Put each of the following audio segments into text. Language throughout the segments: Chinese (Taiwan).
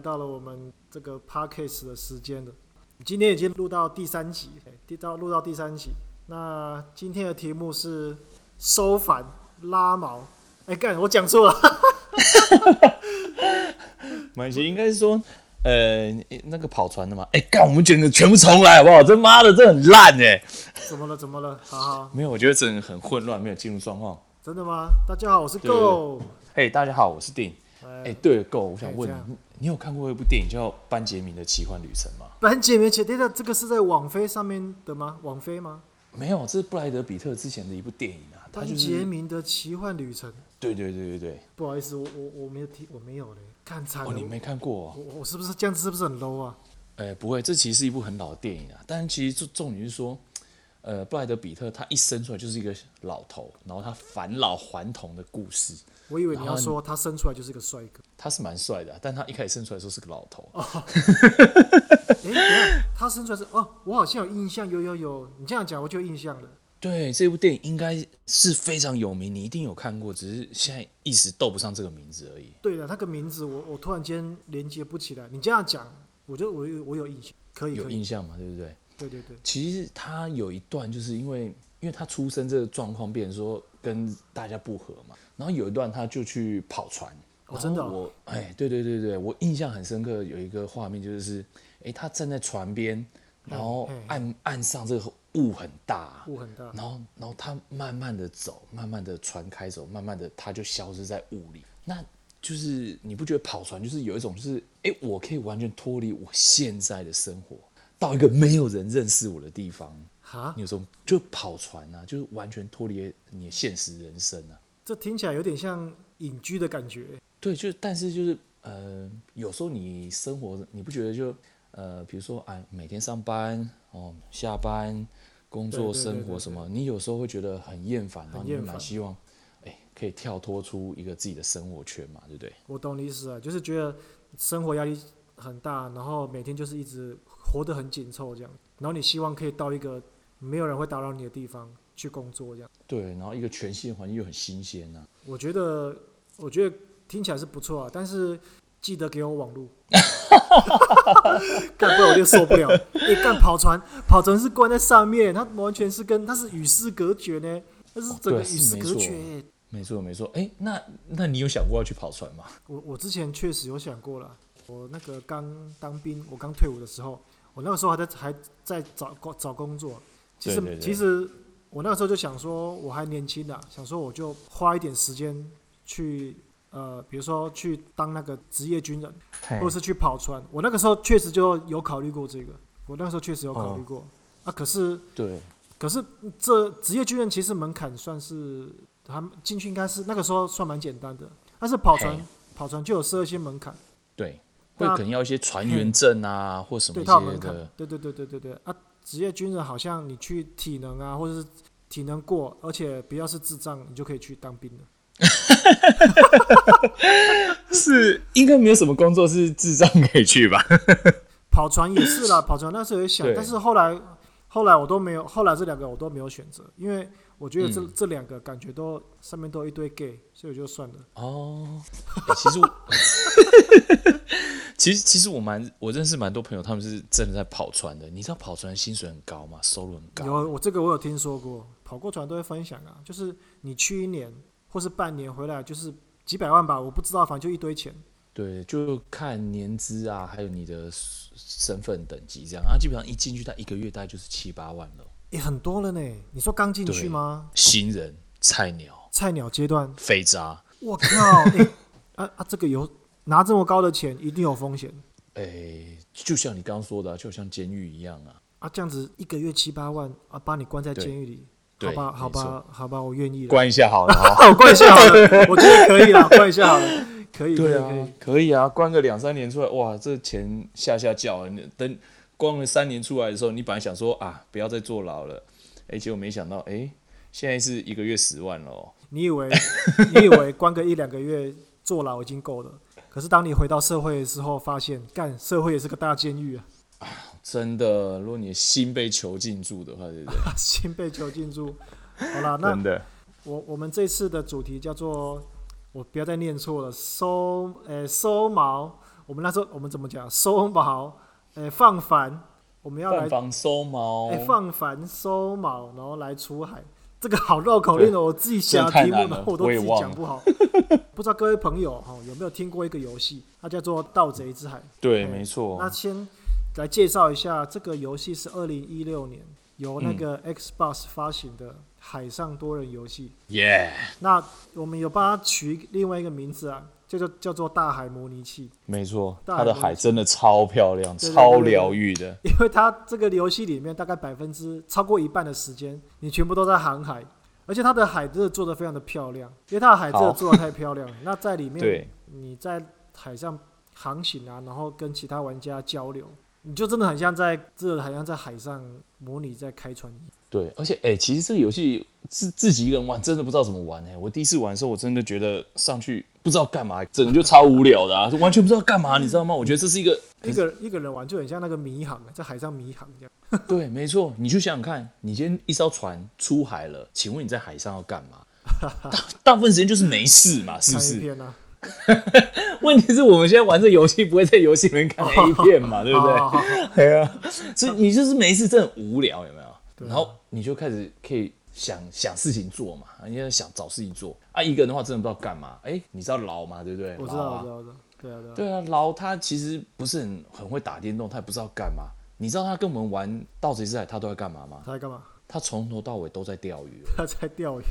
到了我們這個 podcast 的時間了，今天已經錄到第三集，第到錄到第三集。那今天的題目是收帆拉錨，哎、欸、幹，我講錯了。沒關係，應該是說，呃，那個跑船的嘛。哎、欸、幹，我們簡直全部重來好不好？這媽的，這很爛哎、欸。怎麼了？怎麼了？好好沒有，我覺得整個很混亂，沒有進入狀況。真的嗎？大家好，我是 Go。哎，大家好，我是 Din。哎、欸，對了，Go，我想問你、欸。你有看過一部電影叫《班傑明的奇幻旅程》嗎？班杰明，等一下，這個是在網飛上面的嗎？網飛嗎？沒有，這是布萊德·彼特之前的一部電影啊，《班傑明的奇幻旅程》就是。對對對對對。不好意思，我我我沒有聽，我沒有嘞，看差哦，你沒看過、啊？我我，我是不是這樣子？是不是很 low 啊？哎、欸，不會，這其實是一部很老的電影啊。但是其實重重點就是說。呃，布萊德彼特他一生出來就是一個老頭，然後他返老還童的故事。我以為你要說他生出來就是一個帥哥，他是蠻帥的、啊，但他一開始生出來的時候是個老頭。哎、哦 欸，他生出來是哦，我好像有印象，有有有。你這樣講我就有印象了。對，這部電影應該是非常有名，你一定有看過，只是現在一時斗不上這個名字而已。對的，那個名字我我突然間連接不起來。你這樣講，我就我有我有印象，可以，可以有印象嘛，對不對？對對對，其實他有一段就是因為，因為他出生這個狀況，變成說跟大家不合嘛。然後有一段他就去跑船，我哦、真的、哦，我、欸、哎，對對對對，我印象很深刻，有一個畫面就是、欸，他站在船邊，然後岸、嗯嗯、岸上這個霧很大，霧很大，然後然後他慢慢的走，慢慢的船開走，慢慢的他就消失在霧裡。那就是你不覺得跑船就是有一種就是，哎、欸，我可以完全脫離我現在的生活。到一個沒有人認識我的地方哈，你有時候就跑船啊，就是完全脫離你的現實人生啊。這聽起來有點像隱居的感覺、欸。對，就但是就是呃，有時候你生活你不覺得就呃，比如說哎、啊，每天上班哦，下班工作對對對對對生活什麼，你有時候會覺得很厭煩，然後就蠻希望哎、欸，可以跳脫出一個自己的生活圈嘛，對不對？我懂你意思啊，就是覺得生活壓力很大，然後每天就是一直。活得很緊湊，這樣，然後你希望可以到一個沒有人會打擾你的地方去工作，這樣。對，然後一個全新的環境又很新鮮吶、啊。我覺得，我覺得聽起來是不錯啊，但是記得給我網路， 幹不然我就受不了。你 幹、欸、跑船，跑船是關在上面，它完全是跟它是與世隔絕呢、欸，它是整個與世隔絕、欸哦啊沒錯。沒錯沒錯，哎、欸，那那你有想過要去跑船嗎？我我之前確實有想過了，我那個剛當兵，我剛退伍的時候。我那個時候還在還在找工找工作，其實對對對，其實我那個時候就想說我還年輕呢、啊，想說我就花一點時間去呃，比如說去當那個職業軍人，或者是去跑船。我那個時候確實就有考慮過這個，我那個時候確實有考慮過、哦、啊。可是對，可是這職業軍人其實門檻算是他們進去應該是那個時候算蠻簡單的，但是跑船跑船就有設一些門檻。對。會可能要一些船員證啊，嗯、或什麼之類的。對，對，對，對，對，啊，職業軍人好像你去體能啊，或者是體能過，而且不要是智障，你就可以去當兵 是，應該沒有什麼工作是智障可以去吧？跑船也是啦。跑船那時候也想，但是後來後來我都沒有，後來這兩個我都沒有選擇，因為我覺得這、嗯、這兩個感覺都上面都有一堆 gay，所以我就算了。哦，欸、其實我。 其實其實我蠻我認識蠻多朋友，他們是真的在跑船的。你知道跑船薪水很高嗎？收入很高。有，我這個我有聽說過，跑過船都會分享啊。就是你去一年或是半年回來，就是幾百萬吧，我不知道，反正就一堆錢。對，就看年資啊，還有你的身份等級這樣。啊，基本上一進去，他一個月大概就是七八萬了，也、欸、很多了呢。你說剛進去嗎？新人菜鳥，菜鳥階段，肥渣。我靠！欸、 啊啊，這個有。拿這麼高的錢，一定有風險。哎、欸，就像你剛剛說的，就像監獄一樣啊！啊，這樣子一個月七八萬啊，把你關在監獄裡，對，好吧，好吧，好吧，我願意，關一下好了啊，關一下好了，好 我關一下好了 我覺得可以啦。 關一下好了，可以，對啊，可以，可以，可以啊，關個兩三年出來，哇，這錢嚇嚇叫啊！等關了三年出來的時候，你本來想說啊，不要再坐牢了，哎、欸、結果沒想到，哎、欸，現在是一個月十萬哦！你以為 你以為關個一兩個月坐牢已經夠了？可是當你回到社會的時候，發現幹，社會也是個大監獄啊，啊！真的，如果你心被囚禁住的話，對對 心被囚禁住。好啦，那我我們這次的主題叫做，我不要再念錯了，收誒、欸、收錨。我們那時候我們怎麼講？收錨，誒、欸、放帆，我們要來放收錨，誒、欸、放帆收錨，然後來出海。這個好繞口令哦，我自己想的題目，我都自己講不好。忘不知道各位朋友哈，有沒有聽過一個遊戲， 它叫做《盜賊之海》？對，欸、沒錯。那先來介紹一下，這個遊戲是二零一六年由那個 Xbox 發行的海上多人遊戲。Yeah、嗯。那我們有幫它取另外一個名字啊。這就叫做大海模擬器。沒錯，它的海真的超漂亮，超療癒的因。因為它這個遊戲裡面大概百分之超過一半的時間，你全部都在航海，而且它的海真的做得非常的漂亮，因為它的海真的做得太漂亮了。那在裡面， 你在海上航行啊，然後跟其他玩家交流，你就真的很像在這，好像在海上模擬在開船。對，而且哎、欸，其實這個遊戲自自己一個人玩，真的不知道怎麼玩哎、欸。我第一次玩的時候，我真的覺得上去不知道幹嘛，整個就超無聊的啊，就完全不知道幹嘛、嗯，你知道嗎？我覺得這是一個一個、欸、一個人玩就很像那個迷航啊，在海上迷航這樣。對，沒錯，你去想想看，你今天一艘船出海了，請問你在海上要幹嘛？大大部分時間就是沒事嘛， 是不是？啊、 問題是我們現在玩這遊戲不會在遊戲裡面看 A 片嘛，oh, 對不對？Oh, oh, oh. 對啊，所以你就是沒事，真的很無聊，有沒有？然後你就開始可以想想事情做嘛，你要想找事情做啊，一個人的話真的不知道幹嘛。哎，你知道老嗎？對不對？我知道，啊、我知道，我知道，我知道，對啊，對啊。對啊，老他其實不是很很會打電動，他也不知道幹嘛。你知道他跟我們玩盜賊之海，他都在幹嘛嗎？他在幹嘛？他從頭到尾都在釣魚。他在釣魚。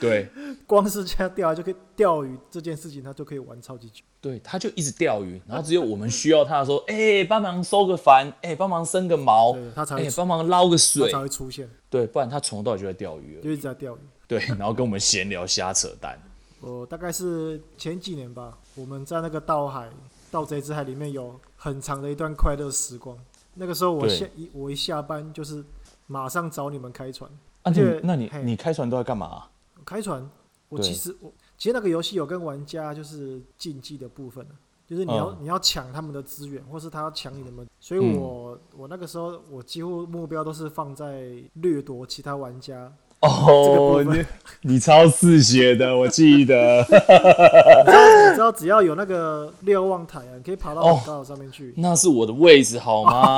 對。光是這樣釣啊，就可以釣魚這件事情，他就可以玩超級久。對，他就一直釣魚，然後只有我們需要他的時候，哎、 欸，幫忙收個帆，哎、欸，幫忙升個錨，他才會，哎、欸，幫忙撈個水，他才會出現。對，不然他從頭到尾就在釣魚。就一直在釣魚。對，然後跟我們閒聊、瞎扯淡 、呃。我大概是前幾年吧，我們在那個盜海、盜賊之海裡面有很長的一段快樂時光。那個時候我下一我一下班就是。馬上找你們開船。啊你，你，那你，你開船都在幹嘛、啊？開船，我其實我其實那個遊戲有跟玩家就是競技的部分，就是你要、嗯、你要搶他們的資源，或是他要搶你的什麼。所以我、嗯、我那個時候我幾乎目標都是放在掠奪其他玩家。哦，這個你你，超嗜血的， 我記得。 你知道，你知道只要有那個瞭望台啊，你可以爬到高島上面去、哦。那是我的位置，好嗎？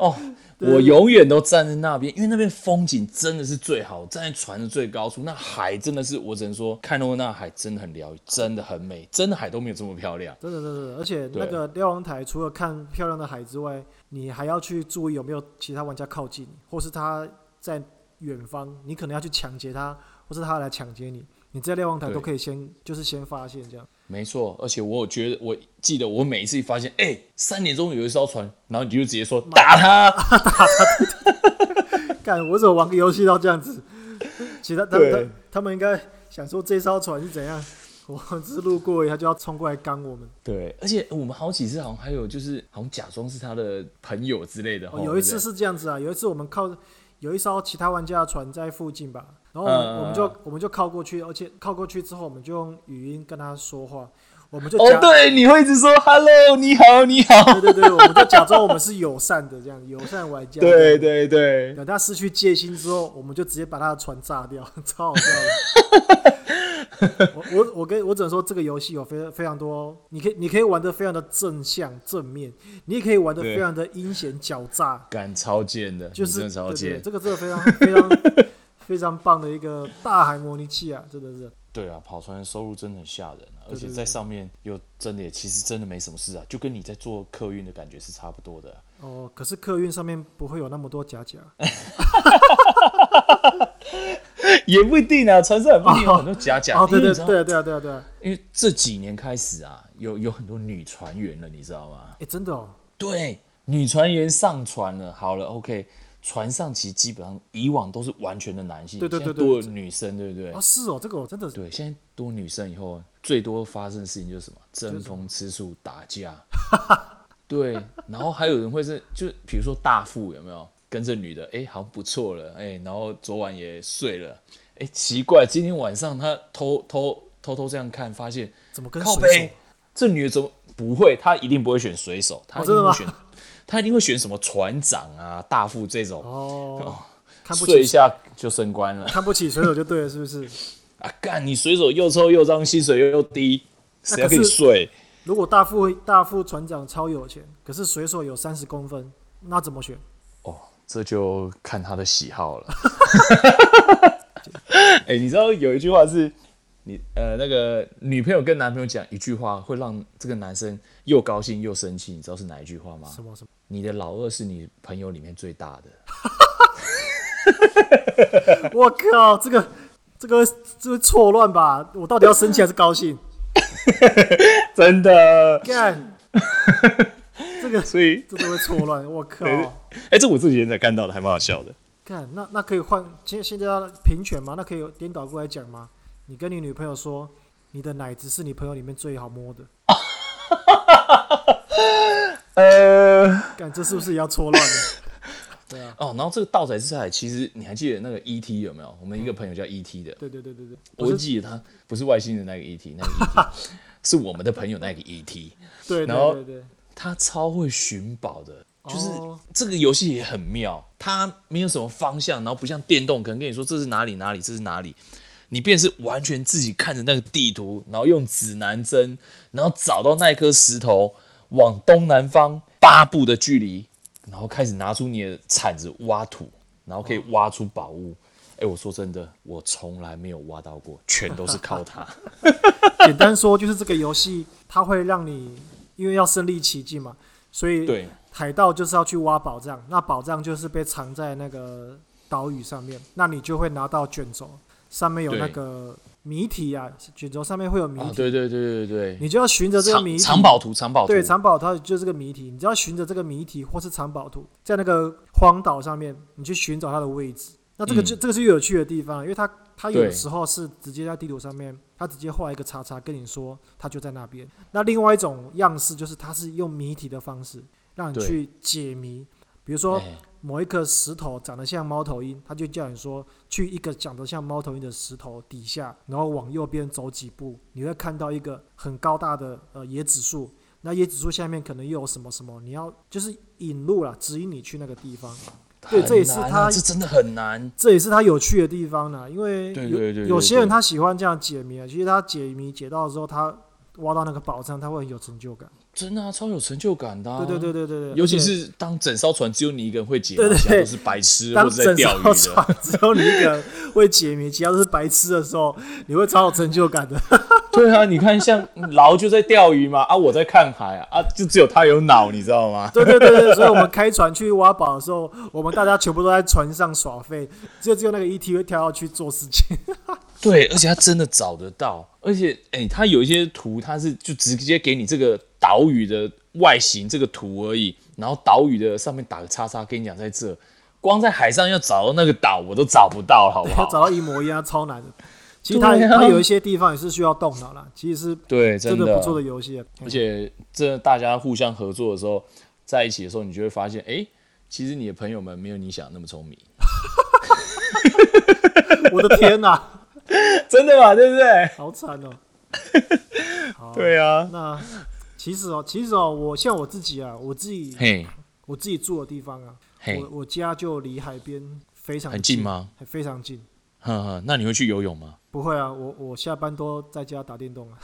哦。哦我永遠都站在那邊，因為那邊風景真的是最好。站在船的最高處，那海真的是我只能說，看到那海真的很療癒，真的很美，真的海都沒有這麼漂亮。真的，真的，而且那個瞭望台除了看漂亮的海之外，你還要去注意有沒有其他玩家靠近，或是他在遠方，你可能要去搶劫他。不是他來搶劫你，你在瞭望台都可以先，就是先發現這樣。沒錯，而且我有覺得，我記得我每一次一發現，哎、欸，三點鐘有一艘船，然後你就直接說打他，打他，幹， 我怎麼玩個遊戲到這樣子。其他他們他，他們應該想說，這艘船是怎樣，我只是路過一下他就要衝過來幹我們。對，而且我們好幾次好像還有就是好像假裝是他的朋友之類的。哦，有一次是這樣子啊，有一次我們靠有一艘其他玩家的船在附近吧。然後我們就我們就靠過去，而且靠過去之後，我們就用語音跟他說話。我們就講哦，對，你會一直說 “Hello，你好，你好”。對對對，我們就假裝我們是友善的，這樣友 善玩家。對對對，等他失去戒心之後，我們就直接把他的船炸掉，超好笑的。 我我跟我只能說，這個遊戲有非非常多，你可以你可以玩得非常的正向正面，你也可以玩得非常的陰險狡詐，敢超賤的，就是超賤。這個非常非常。非常 非常棒的一個大海模擬器啊，真的是。對啊，跑船的收入真的很嚇人、啊、對對對對，而且在上面又真的也其實真的沒什麼事啊，就跟你在做客運的感覺是差不多的。哦，可是客運上面不會有那麼多甲甲。 也不一定啊，船上很棒，有很多甲甲，哦哦。對對對啊對啊對啊對啊，因為這幾年開始啊，有有很多女船員了，你知道嗎？哎，真的哦。對，女船員上船了。好了，OK。船上其實基本上以往都是完全的男性，對對對，對，對，多女生，對不對？啊，是哦，這個真的是。對，現在多女生以後最多發生的事情就是什麼爭風吃醋打架，對。然後還有人會是，就比如說大副有沒有跟這女的？哎、欸，好像不錯了，哎、欸，然後昨晚也睡了，哎、欸，奇怪，今天晚上他偷偷偷，偷偷這樣看，發現怎麼跟水手靠北這女的怎麼不會？她一定不會選水手，他一定會選。哦他一定會選什麼船長啊、大副這種哦，哦看不起水手，一下就升官了，看不起水手就對了，是不是？ 啊，幹你水手又臭又髒，薪水又又低，誰、啊、要跟你睡？如果大副、大副船長超有錢，可是水手有三十公分，那怎麼選？哦，這就看他的喜好了。哎、 欸，你知道有一句話是？你呃，那個女朋友跟男朋友講一句話，會讓這個男生又高興又生氣，你知道是哪一句話嗎？什麼什麼？你的老二是你朋友裡面最大的。 我靠，這個這個這是錯亂吧？我到底要生氣還是高興？ 真的？幹！ 這個所以 這都會錯亂。我靠！哎、欸欸，這我自己現在看到的還蠻好笑的。幹， 那那可以換現現在要平權嗎？那可以顛倒過來講嗎？你跟你女朋友說，你的奶子是你朋友裡面最好摸的。 呃，感覺是不是也要錯亂？ 對啊。哦，然後這個盜賊之海，其實你還記得那個 E T 有沒有？我們一個朋友叫 E T 的、嗯。對對對對對。我記得他不是外星人的那個 E T，那個 ET， 是我們的朋友那個 E T。對對對。他超會尋寶的，就是這個遊戲也很妙，它、哦、沒有什麼方向，然後不像電動，可能跟你說這是哪裡哪裡，這是哪裡。你便是完全自己看着那個地圖，然後用指南針，然後找到那顆石頭，往東南方八步的距離，然後開始拿出你的鏟子挖土，然後可以挖出寶物。哎，我說真的，我從來沒有挖到過，全都是靠它。 簡單說，就是這個遊戲它會讓你，因為要身臨其境嘛，所以對海盜就是要去挖寶藏，那寶藏就是被藏在那個島嶼上面，那你就會拿到卷軸。上面有那個謎題啊，卷軸上面會有謎題。對、哦、對對對對，你就要尋着這個謎。藏寶圖，藏寶圖。對，藏寶圖就是這個謎題，你只要尋着這個謎題或是藏寶圖，在那個荒島上面，你去尋找它的位置。那這個就、嗯、這個是有趣的地方，因為它它有時候是直接在地圖上面，它直接畫一個叉叉，跟你說它就在那邊。那另外一種樣式就是它是用謎題的方式，讓你去解謎。比如說，某一顆石頭長得像貓頭鷹，他就叫你說去一個長得像貓頭鷹的石頭底下，然後往右邊走幾步，你會看到一個很高大的呃椰子樹。那椰子樹下面可能又有什麼什麼？你要就是引路啦，指引你去那個地方。啊、對，這也是他這真的很難，這也是他有趣的地方呢。因為有，對對對對對對有些人他喜歡這樣解謎啊。其實他解謎解到的時候，他挖到那個寶藏，他會很有成就感。真的、啊、超有成就感的。啊，對對對對對，尤其是當整艘船只有你一個人會解，對對、對、對都是白痴或是在釣魚的，當整艘船只有你一個人會解謎，其他都是白痴的時候，你會超有成就感的。對啊， 你看像老就在釣魚嘛，啊我在看海啊，啊就只有他有腦，你知道嗎？對對對對，所以我們開船去挖寶的時候，我們大家全部都在船上耍廢，就只、只有那個 ET 會跳下去做事情。對， 而且他真的找得到，而且哎、欸，他有一些圖，他是就直接給你這個。島嶼的外形這個圖而已，然後島嶼的上面打個叉叉，跟你講在這，光在海上要找到那個島我都找不到，好不好？要找到一模一樣超難的。其實它、啊、它有一些地方也是需要動腦啦，其實是不錯，對，真的不錯的遊戲。而且這大家互相合作的時候，在一起的時候，你就會發現，哎、欸，其實你的朋友們沒有你想的那麼聰明。 我的天哪、啊， 真的嗎？對不對？好慘哦、喔。對啊，那。其實哦、喔，其實哦、喔，我像我自己啊，我自己，嘿、hey.，我自己住的地方啊，hey. 我我家就離海邊非常近，很近嗎？還非常近。哼哼，那你會去游泳嗎？不會啊，我我下班都在家打電動啊。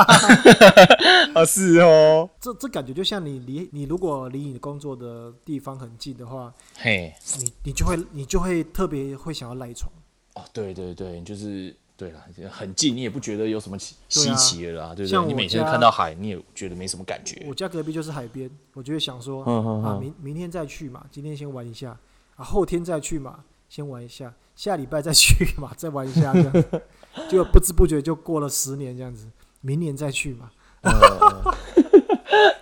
啊，是哦，這這感覺就像你離你如果離你的工作的地方很近的話，嘿、hey.，你你就會你就會特別會想要賴床。哦、啊，對對對，就是。對啦，很近，你也不覺得有什麼奇稀奇的啦，就、啊、對不對，像你每天看到海，你也覺得沒什麼感覺。我家隔壁就是海邊，我就會想說，嗯哼哼啊、明明天再去嘛，今天先玩一下，啊，後天再去嘛，先玩一下，下禮拜再去嘛，再玩一下，這樣 就不知不覺就過了十年這樣子，明年再去嘛。哈、 嗯、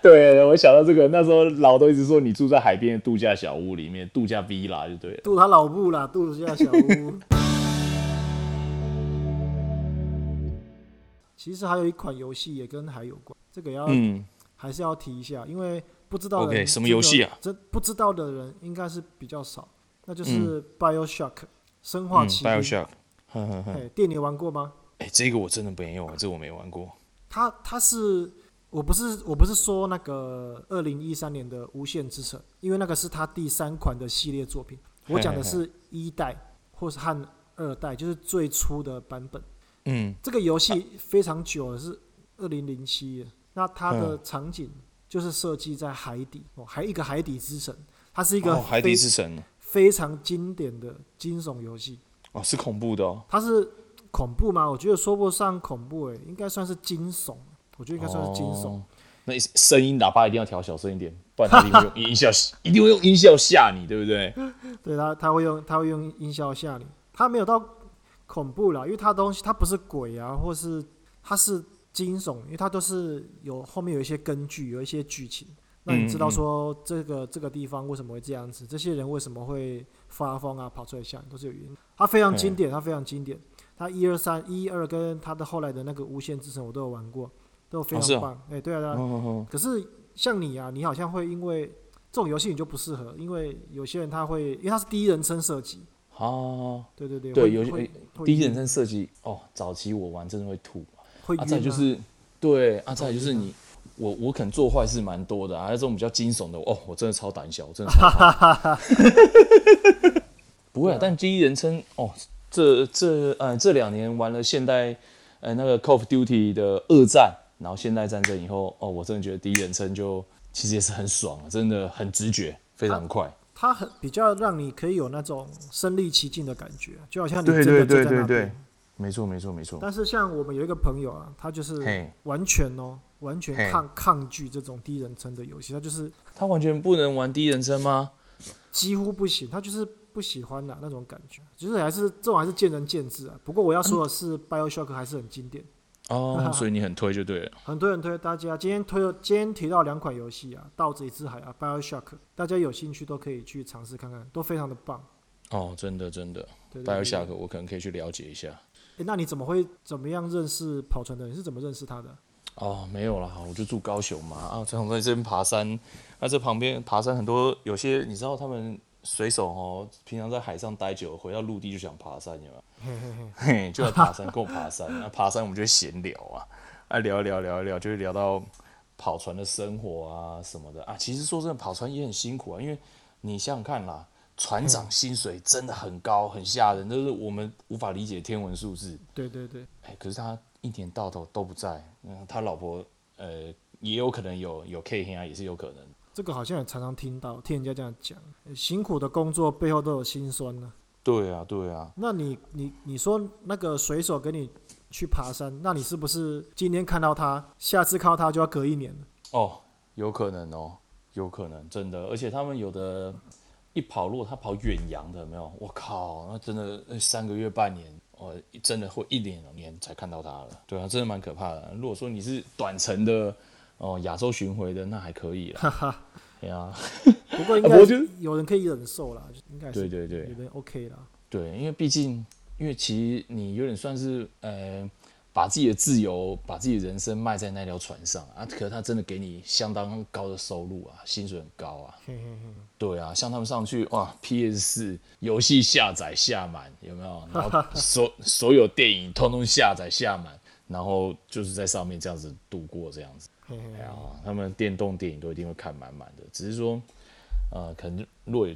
對，我想到這個，那時候老都一直說，你住在海邊的度假小屋裡面，度假逼啦就對了，度他老布啦，度假小屋。 其實還有一款遊戲也跟海有關，這個要、嗯、還是要提一下，因為不知道 okay, 什麼遊戲啊、這個？這不知道的人應該是比較少，那就是 BioShock,、嗯嗯，《BioShock 呵呵呵》生化奇兵，BioShock》。電你玩過嗎？哎、欸，這個我真的沒有玩，這個、我沒玩過。他他是，我不是，我不是說那個二零一三年的《無限之城》，因為那個是他第三款的系列作品。我講的是一代呵呵或是和二代，就是最初的版本。嗯，這個遊戲非常久了、啊，是二零零七。那它的場景就是設計在海底哦，還一個海底之城，它是一個、哦、海底之城，非常經典的驚悚遊戲哦，是恐怖的哦。它是恐怖嗎？我覺得說不上恐怖、欸，誒，應該算是驚悚。我覺得應該算是驚悚。哦、那聲音喇叭一定要調小聲一點，不然 一定會用音效，一定會用音效嚇你，對不對？對，它它會用它會用音效嚇你，它沒有到恐怖了，因為它東西它不是鬼啊，或是它是驚悚，因為它都是有後面有一些根據，有一些劇情，那你知道說嗯嗯嗯這個這個地方為什麼會這樣子，這些人為什麼會發瘋啊，跑出來嚇你，都是有原因。它非常經典，它非常經典。它一二三一二跟它的後來的那個無限之城我都有玩過，都非常棒。哎、啊啊欸，對啊，對啊哦哦哦，可是像你啊，你好像會因為這種遊戲你就不適合，因為有些人他會因為它是第一人稱射擊。哦、啊，對對對，對有些、欸、第一人稱射擊，哦，早期我玩真的會吐，再就是對啊，再、就是、對啊，啊再就是你我我肯做壞事蠻多的，啊，還有這種比較驚悚的，哦，我真的超膽小，真的、的。哈哈哈，不會啊、啊，但第一人稱，哦，這這呃這兩年玩了現代呃那個 Call of Duty 的二戰，然後現代戰爭以後，哦，我真的覺得第一人稱就其實也是很爽，真的很直覺，非常快。啊它很比較讓你可以有那種身臨其境的感覺，就好像你真的就在那邊。對對對對對，沒錯沒錯沒錯。但是像我們有一個朋友啊，他就是完全哦，完全抗抗拒這種第一人稱的遊戲，他就是他完全不能玩第一人稱嗎？幾乎不行，他就是不喜歡的、啊、那種感覺。就是還是這種還是見仁見智啊。不過我要說的是、啊、，BioShock 還是很經典。哦，所以你很推就對了。啊、很推、很推，大家今天推，今天提到兩款遊戲啊，《盜賊之海》啊，《BioShock》，大家有興趣都可以去嘗試看看，都非常的棒。哦，真的真的，《BioShock》我可能可以去了解一下。哎、欸，那你怎麼會怎麼樣認識跑船的？你是怎麼認識他的？哦，沒有啦，我就住高雄嘛。啊，常常在這邊爬山，那、啊、這旁邊爬山很多，有些你知道他們水手哦、喔，平常在海上待久，回到陸地就想爬山有沒有，對嗎？ 嘿嘿嘿就要爬山，夠爬山。那、 啊、爬山我們就閒聊啊，啊，聊一聊聊一聊，就會聊到跑船的生活啊什麼的啊。其實說真的，跑船也很辛苦啊，因為你想想看啦，船長薪水真的很高，很嚇人，都、就是我們無法理解的天文數字。對對對。哎、欸，可是他一年到頭都不在，嗯、他老婆呃，也有可能有有 K 黑啊，也是有可能。這個好像也常常聽到，聽人家這樣講、欸，辛苦的工作背後都有辛酸呢、啊。對啊，對啊。那你你你說那個水手給你去爬山，那你是不是今天看到他，下次看到他就要隔一年了？哦，有可能哦，有可能，真的。而且他們有的一跑路，他跑遠洋的，沒有？我靠，那真的三個月半年，哦，真的會一年兩年才看到他了。對啊，真的蠻可怕的。如果說你是短程的哦，亞洲巡迴的，那還可以了。 對啊，不過應該有人可以忍受啦，就、啊、應該是對對對，有人 OK 啦。對，因為畢竟，因為其實你有點算是呃，把自己的自由、把自己的人生賣在那條船上啊。可是他真的給你相當高的收入啊，薪水很高啊。嗯嗯嗯，對啊，像他們上去哇，PS4 遊戲下載下滿有沒有？然後所 所有電影通通下載下滿，然後就是在上面這樣子度過這樣子。嗯、他們電動電影都一定會看滿滿的，只是說，呃，可能若有，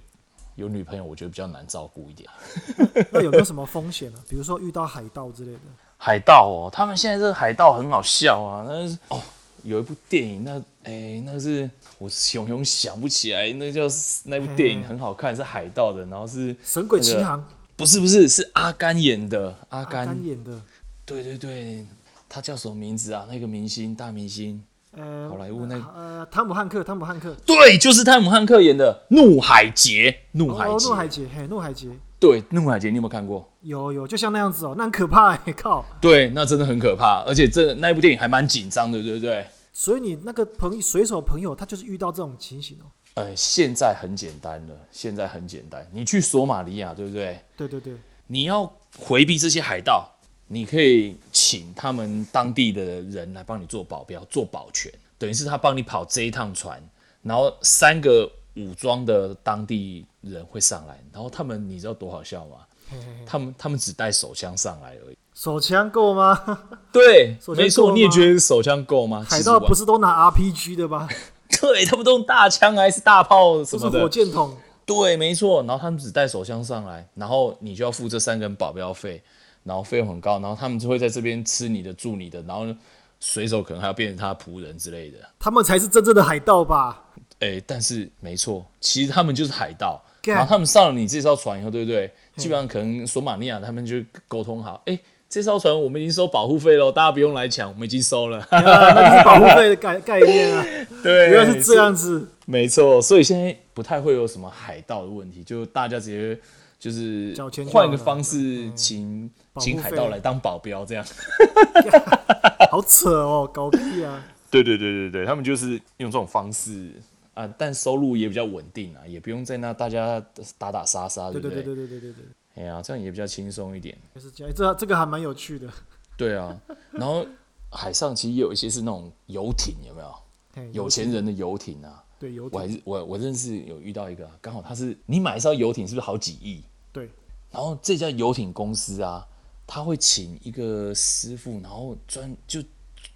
有女朋友，我覺得比較難照顧一點。 那有沒有什麼風險呢、啊？比如說遇到海盜之類的？海盜哦，他們現在這個海盜很好笑啊。那、就是、哦，有一部電影，那哎、欸，那是我熊熊想不起來，那叫、嗯、那部電影很好看，嗯嗯，是海盜的，然後是、那個《神鬼奇航》。不是，不是，是阿甘演的。阿甘演的。對對對，他叫什麼名字啊？那個明星，大明星。呃、嗯，好萊塢那，呃，湯姆漢克，湯姆漢克，對，就是湯姆漢克演的怒海劫《怒海劫》，怒海，哦，怒海劫，嘿，怒海劫，對，怒海劫，你有沒有看過？有有，就像那樣子哦，那很可怕，欸，靠。對，那真的很可怕，而且這那部電影還蠻緊張的，對不對？所以你那個朋友，水手朋友，他就是遇到這種情形哦。呃，現在很簡單了，現在很簡單，你去索馬利亞，對不對？對對對，你要迴避這些海盜，你可以。請他們當地的人來幫你做保鏢、做保全，等於是他幫你跑這一趟船。然後三個武裝的當地人會上來，然後他們你知道多好笑嗎？嗯、他們他們只帶手槍上來而已，手槍夠嗎？對，手槍夠沒錯，你也覺得手槍夠嗎？海盜不是都拿 RPG 的嗎？ 對，他們都用大槍還是大炮什麼的，不是火箭筒。對，沒錯，然後他們只帶手槍上來，然後你就要付這三個人保鏢費。然後費用很高，然後他們就會在這邊吃你的、住你的，然後呢，水手可能還要變成他的僕人之類的。他們才是真正的海盜吧？哎、欸，但是沒錯，其實他們就是海盜。然後他們上了你這艘船以後，對不對？嗯、基本上可能索馬利亞他們就溝通好，哎、欸，這艘船我們已經收保護費了，大家不用來搶，我們已經收了。啊、那就是保護費的概念啊。 對，原來是這樣子。沒錯，所以現在不太會有什麼海盜的問題，就大家直接。就是換一個方式請、嗯，請請海盜來當保鏢，這樣， God, 好扯哦，搞屁啊！ 對對對對對，他們就是用這種方式啊，但收入也比較穩定啊，也不用在那大家打打殺殺，對不對？對對對對對對，對，對。哎呀、啊，這樣也比較輕鬆一點。也是這樣，欸、這這個還蠻有趣的。 對啊，然後海上其實有一些是那種遊艇，有沒有？有錢人的遊艇啊。對，遊艇，我還是我我認識有遇到一個，啊，剛好他是你買一艘遊艇是不是好幾億？對，然後這家遊艇公司啊，他會請一個師傅，然後專就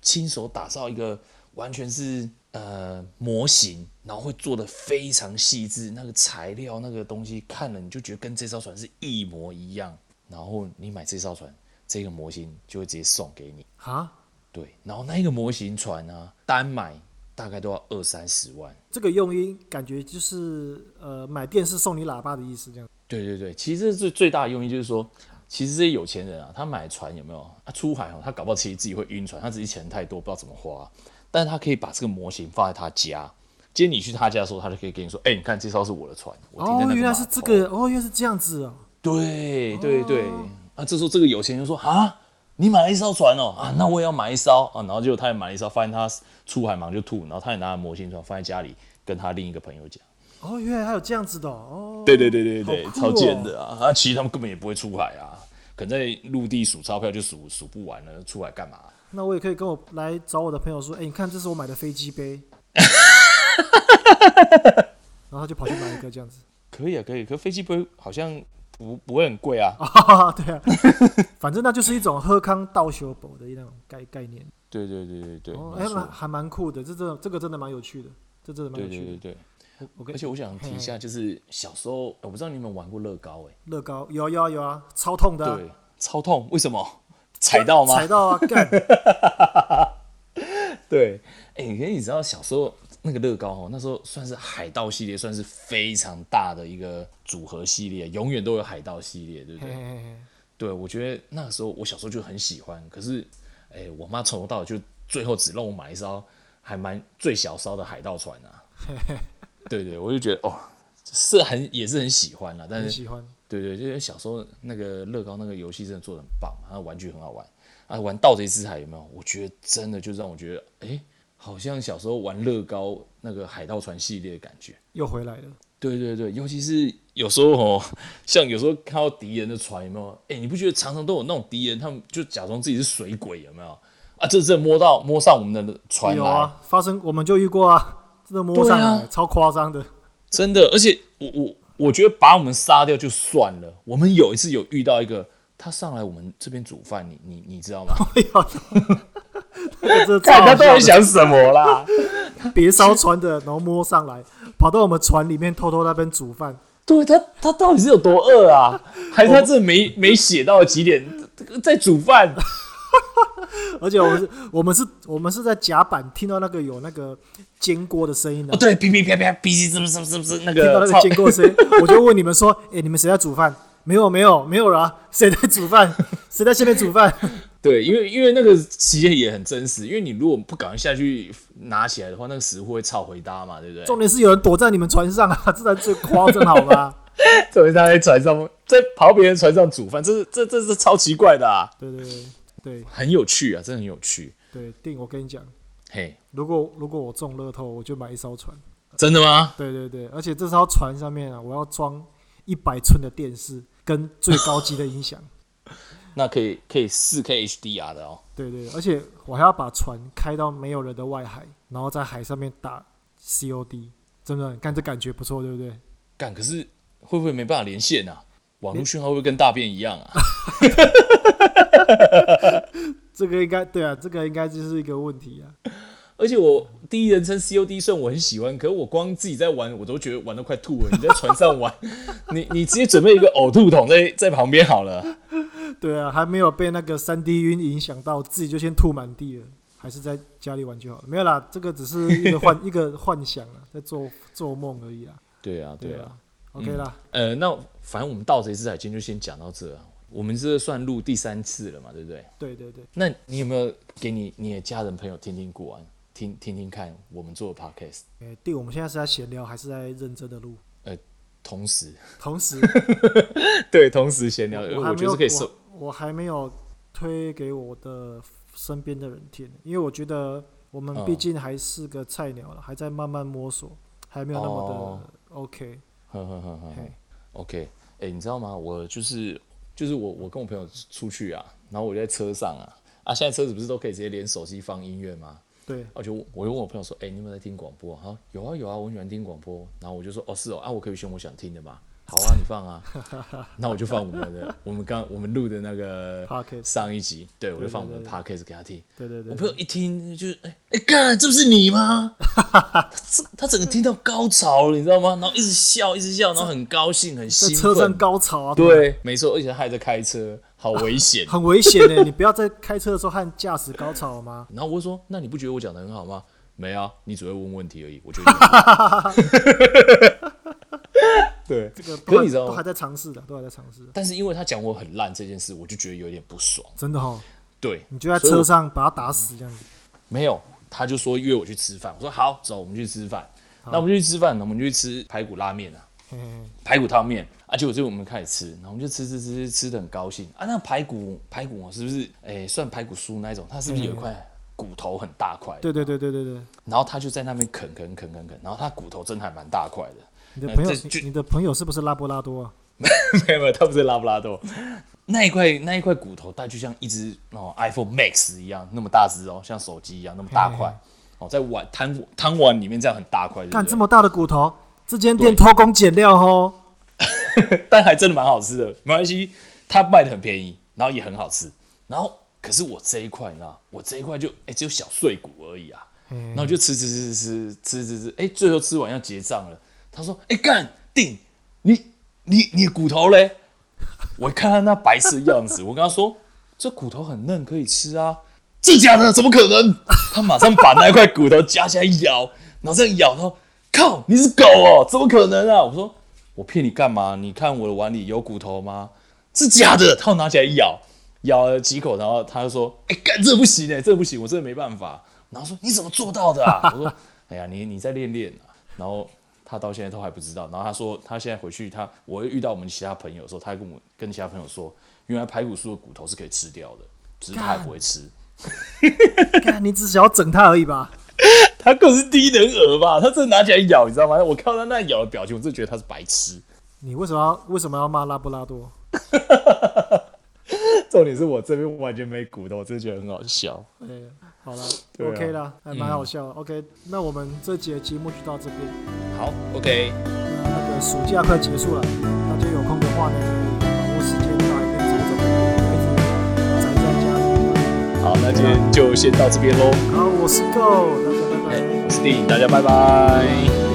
親手打造一個完全是呃模型，然後會做得非常細緻，那個材料那個東西看了你就覺得跟這艘船是一模一樣，然後你買這艘船，這個模型就會直接送給你啊？對，然後那個模型船啊，單買。大概都要二三十萬，這個用意感覺就是，呃，買電視送你喇叭的意思，這樣。對對對，其實是最大的用意就是說，其實這些有錢人啊，他買船有沒有、啊？他出海哦，他搞不好其實自己會暈船，他自己錢太多不知道怎麼花、啊，但是他可以把這個模型放在他家。今天你去他家的時候，他就可以跟你說，哎，你看這艘是我的船。我聽到。哦，原來是這個，哦，原來是這樣子啊、哦。對對對，那、啊、這時候這個有錢人說啊。你買了一艘船哦、喔、啊，那我也要買一艘啊，然後結果他也買了一艘，發現他出海忙就吐，然後他也拿了模型船放在家裡，跟他另一個朋友講，哦，原來還有這樣子的哦,哦，對對對對對，哦、超賤的啊，啊，其實他們根本也不會出海啊，可能在陸地數鈔票就數數不完了，出海幹嘛、啊？那我也可以跟我來找我的朋友說，哎、欸，你看這是我買的飛機杯， 然後他就跑去買一個這樣子，可以啊，可以，可是飛機杯好像。不不會很貴啊、哦！對啊， 反正那就是一種喝康倒修補的一種概概念。對對對對，對、哦欸、還蠻酷的，這這這個真的蠻有趣的，這真的蠻有趣的。對對對對，而且我想提一下，啊、就是小時候我不知道你有沒有玩過樂高、欸、高，哎、啊，樂高有有、啊、有啊，超痛的、啊，對，超痛，為什麼？踩到嗎？踩到啊，幹， 對，哎、欸，你可以你知道小時候。那個樂高哦，那時候算是海盜系列，算是非常大的一個組合系列，永遠都有海盜系列，對不對？嘿嘿嘿。對，我覺得那個時候我小時候就很喜歡，可是，哎、欸，我媽從頭到尾就最後只讓我買一艘還蠻最小艘的海盜船啊。嘿嘿。對對對，我就覺得哦，是很也是很喜歡啦。但是喜歡。對對對，就是小時候那個樂高那個遊戲真的做得很棒，然後玩具很好玩，啊，玩《盜賊之海》有沒有？我覺得真的就讓我覺得，哎、欸。好像小時候玩樂高那個海盜船系列的感覺又回來了。對對對，尤其是有時候哦，像有時候看到敵人的船有沒有？哎、欸，你不覺得常常都有那種敵人，他們就假裝自己是水鬼有沒有？啊，真的摸到摸上我們的船了。有啊，發生我們就遇過啊，真的摸上來，啊、超誇張的。真的，而且我我我覺得把我們殺掉就算了。我們有一次有遇到一個，他上來我們這邊煮飯，你你你知道嗎？ 這菜他到底想什麼啦？別艘船的，然後摸上來，跑到我們船裡面偷偷那邊煮飯。對他，他到底是有多餓啊？還是他這沒沒寫到幾點在煮飯？而且我們是，我們是，我們是在甲板聽到那個有那個煎鍋的聲音的。對，嗶嗶嗶嗶噼噼是不是是不是那個聽到那個煎鍋聲？我就問你們說，哎，你們誰在煮飯？沒有，沒有，沒有了。誰在煮飯？誰在下面煮飯？對，因為因為那個體驗也很真實，因為你如果不趕快下去拿起來的話，那個食物會超回搭嘛，對不對？重點是有人躲在你們船上啊，這才最誇張好嗎？回 他在船上在跑別人船上煮飯，這是這是這是超奇怪的啊！對對對，對很有趣啊，真的很有趣。對，定我跟你講，嘿、hey，如果如果我中樂透，我就買一艘船。真的嗎？對對對，而且這艘船上面啊，我要裝一百寸的電視跟最高級的音響。 那可以可以 4K HDR 的哦，對對，而且我還要把船開到沒有人的外海，然後在海上面打 COD，真的看這感覺不錯，對不對？幹可是會不會沒辦法連線啊？網絡訊號會不會跟大便一樣啊？ 這個應該對啊，這個應該就是一個問題啊。而且我第一人稱 COD 勝我很喜歡，可是我光自己在玩我都覺得玩得快吐了。你在船上玩， 你你直接準備一個嘔吐桶在在旁邊好了。對啊，還沒有被那個三 D 暈影響到，自己就先吐滿地了。還是在家裡玩就好了。沒有啦，這個只是一個幻 一個幻想啊，在做做夢而已啊。對啊，對啊。OK 啦、嗯。呃，那反正我們《盜賊之海》今天就先講到這。我們這算錄第三次了嘛，對不對？對對對。那你有沒有給你你的家人朋友聽聽過啊？聽聽聽看我們做的 Podcast？哎、欸，我們現在是在閒聊還是在認真的錄？呃、欸，同時。同時。 對，同時閒聊，我覺得、呃、是可以收我還沒有推給我的身邊的人聽，因為我覺得我們畢竟還是個菜鳥了、嗯，還在慢慢摸索，還沒有那麼的 OK、哦。呵呵呵 OK 哎，你知道嗎？我就是就是我，我跟我朋友出去啊，然後我就在車上啊啊，現在車子不是都可以直接連手機放音樂嗎？對，而且我我就問我朋友說，哎、欸，你有沒有在聽廣播？哈、啊，有啊有啊，我很喜歡聽廣播。然後我就說，哦是哦啊，我可以選我想聽的嗎？好啊，你放啊，那 我就放我們的， 我們剛我們錄的那個上一集，對，對，對，對，對，我就放我們的 podcast 給他聽。對對對，對，我朋友一聽就哎哎幹，這不是你嗎？ 他？他整個聽到高潮了，你知道嗎？然後一直笑，一直笑，然後很高興，很興奮。在車上高潮啊？對，對沒錯，而且還在開車，好危險、啊，很危險呢。 你不要在開車的時候和駕駛高潮了嗎？ 然後我說，那你不覺得我講的很好嗎？ 沒啊，你只會問問題而已。我覺得很好。 對，這個都還，可是你知道都還在嘗試的，都還在嘗試。但是因為他講我很爛這件事，我就覺得有點不爽，真的哈、哦。對，你就在車上把他打死這樣子、嗯。沒有，他就說約我去吃飯，我說好，走，我們去吃飯。那我們就去吃飯，那我們就去吃排骨拉面啊，嗯，排骨湯麵。而且我就我們開始吃，然後我們就吃吃吃吃吃得很高興啊。那排骨排骨我是不是？哎、欸，算排骨酥那種，它是不是有一塊骨頭很大塊？對對對對對對。然後他就在那邊啃啃啃啃啃、啃，然後他骨頭真的還蠻大塊的。你的朋友，呃、你的朋友是不是拉布拉多啊？沒 有沒有，他不是拉布拉多。那一塊那一塊骨頭，它就像一隻哦 iPhone Max 一樣，那麼大隻哦，像手機一樣那麼大塊、嗯、哦，在碗湯湯碗裡面這樣很大塊。幹、嗯、這，這麼大的骨頭，這間店偷工減料哦。 但還真的蠻好吃的，沒關係，它賣得很便宜，然後也很好吃。然後可是我這一塊，呢我這一塊就哎只有小碎骨而已啊。嗯，然後就吃吃吃吃吃吃吃，哎、欸，最後吃完要結賬了。他說：“哎、欸，幹頂，你你你，你骨頭嘞？我一看他那白色樣子，我跟他說： 這骨頭很嫩，可以吃啊。這假的，怎麼可能？他馬上把那塊骨頭夾起來咬， 然後這樣咬，他說：靠，你是狗哦？怎麼可能啊？我說：我騙你幹嘛？你看我的碗裡有骨頭嗎？是 假的。他拿起來咬，咬了幾口，然後他就說：哎、欸，幹這不行呢、欸，這不行，我真的沒辦法。然後說：你怎麼做到的啊？ 」我說：哎呀，你你再練練啊。然後。”他到現在都還不知道，然後他說他現在回去他，他我會遇到我們其他朋友的時候，他還跟我跟其他朋友說，原來排骨酥的骨頭是可以吃掉的，只是他還不會吃。God. God, 你只想要整他而已吧？他更是低能兒吧？他真的拿起來咬，你知道嗎？我靠，他那咬的表情，我真的覺得他是白痴。你為什麼要為什麼要罵拉布拉多？ 重點是我這邊完全沒骨頭，我真的覺得很好笑。好了、啊、，OK 了，還蠻好笑的、嗯。OK，那我們這節節目就到這邊。好，OK、嗯。那個暑假快結束了，大家有空的話呢，你可以把握時間到外面走走，別一直宅在家裡。好，那今天就先到這邊嘍。好、 啊，我是 Go，大家拜拜。Hey, 我是 Dean，大家拜拜。